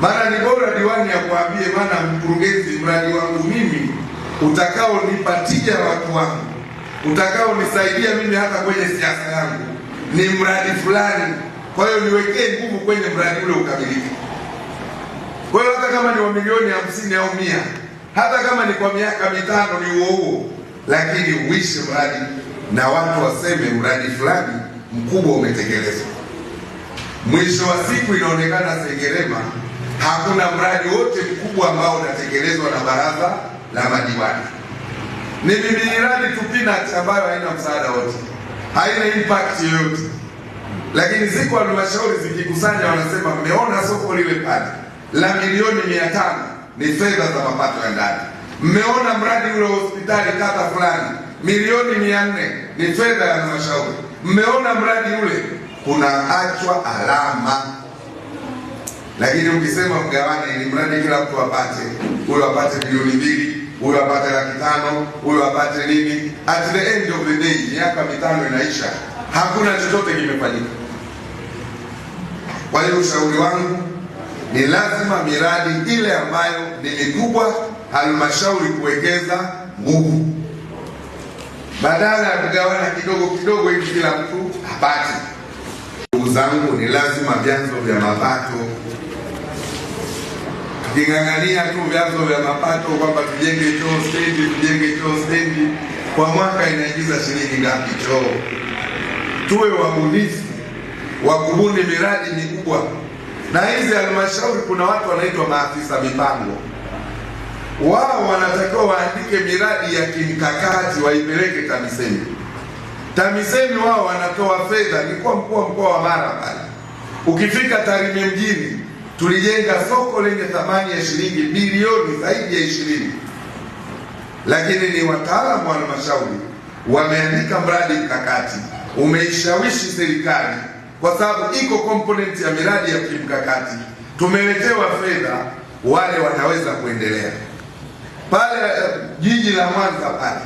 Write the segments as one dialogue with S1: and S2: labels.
S1: maana ni bora diwani akuambie, maana mkurugenzi, mradi wangu mimi utakaonipa watu wangu utakaonisaidia mimi hata kwenye siasa yangu ni mradi fulani, kwa hiyo niwekee nguvu kwenye mradi ule ukamilike. Kwa hiyo hata kama ni wa milioni hamsini au mia, hata kama ni kwa miaka mitano, ni huo huo, lakini uishi mradi na watu waseme mradi fulani mkubwa umetekelezwa. Mwisho wa siku inaonekana Sengerema hakuna mradi wote mkubwa ambao unatekelezwa na baraza la madiwani. Ni miradi tu peanuts ambayo haina msaada wote, haina impact yoyote, lakini ziko halmashauri zikikusanya, wanasema mmeona soko lile pale la milioni mia tano ni fedha za mapato ya ndani. Mmeona mradi ule wa hospitali kata fulani milioni mia nne ni fedha ya halmashauri. Mmeona mradi ule, kunaachwa alama lakini ukisema mgawane, ili mradi kila mtu apate, huyo apate milioni mbili, huyo apate laki tano, huyo apate nini, at the end of the day miaka mitano inaisha, hakuna chochote kimefanyika. Kwa hiyo ushauri wangu ni lazima miradi ile ambayo ni mikubwa halmashauri kuwekeza nguvu, badala ya kugawana kidogo kidogo ili kila mtu apate ndugu zangu, ni lazima vyanzo vya mapato tuking'ang'ania tu vyanzo vya mapato kwamba tujenge choo stendi, tujenge choo stendi, kwa mwaka inaingiza shilingi ngapi choo? Tuwe wabunifu wa kubuni miradi mikubwa. Na hizi halmashauri kuna watu wanaitwa maafisa mipango, wao wanatakiwa waandike miradi ya kimkakati waipeleke TAMISEMI. TAMISEMI wao wanatoa fedha. Nilikuwa mkuu wa mkoa wa Mara pale, ukifika Tarime mjini tulijenga soko lenye thamani ya shilingi bilioni zaidi ya ishirini, lakini ni wataalamu wa halmashauri wameandika mradi mkakati, umeishawishi serikali kwa sababu iko komponenti ya miradi ya kimkakati. Tumeletewa fedha, wale wataweza kuendelea pale eh, jiji la Mwanza pale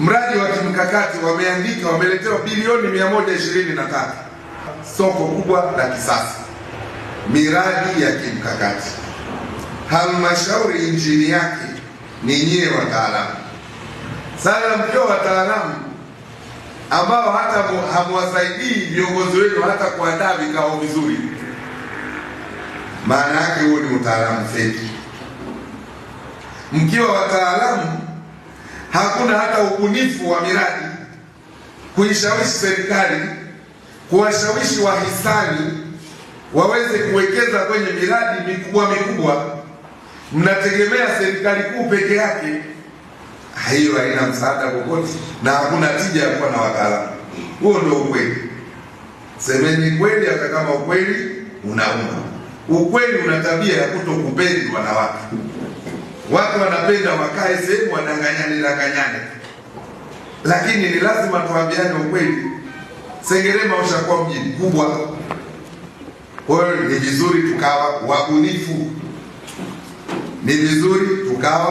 S1: mradi wa kimkakati wameandika, wameletewa bilioni 123, soko kubwa la kisasa, miradi ya kimkakati. Halmashauri injini yake ni nyie wataalamu sana, mkiwa wataalamu ambao hata hamwasaidii viongozi wenu hata kuandaa vikao vizuri, maana yake huo ni utaalamu feki. Mkiwa wataalamu hakuna hata ubunifu wa miradi kuishawishi serikali, kuwashawishi wahisani waweze kuwekeza kwenye miradi mikubwa mikubwa. Mnategemea serikali kuu peke yake, hiyo haina msaada kokote na hakuna tija ya kuwa na wataalamu. Huo ndio ukweli. Semeni kweli, hata kama ukweli unauma. Ukweli una tabia ya kutokupendwa na watu. Watu wanapenda wakae sehemu wadanganyane danganyane, lakini ni lazima tuambiane ukweli. Sengerema ushakuwa mji mkubwa, kwa hiyo ni vizuri tukawa wabunifu, ni vizuri tukawa